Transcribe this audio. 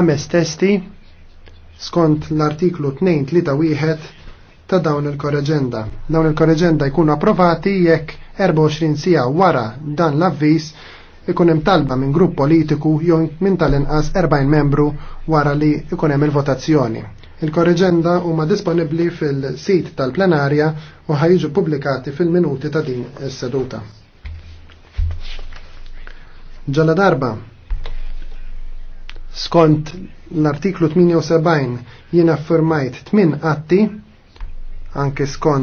ħames testi skont l-artiklu 2-3-1 ta' dawn il-korreġenda. Dawn il-korreġenda jkunu approvati jekk 24 sija wara dan l-avvis ikun hemm talba minn grupp politiku jew minn tal-inqas 40 membru wara li ikun hemm il-votazzjoni. Il-korreġenda huma disponibbli fil-sit tal-plenarja u ħajġu pubblikati fil-minuti ta' din is-seduta. Ġalla darba Skont l-artiklu 78 jien affirmajt tmin atti anke skont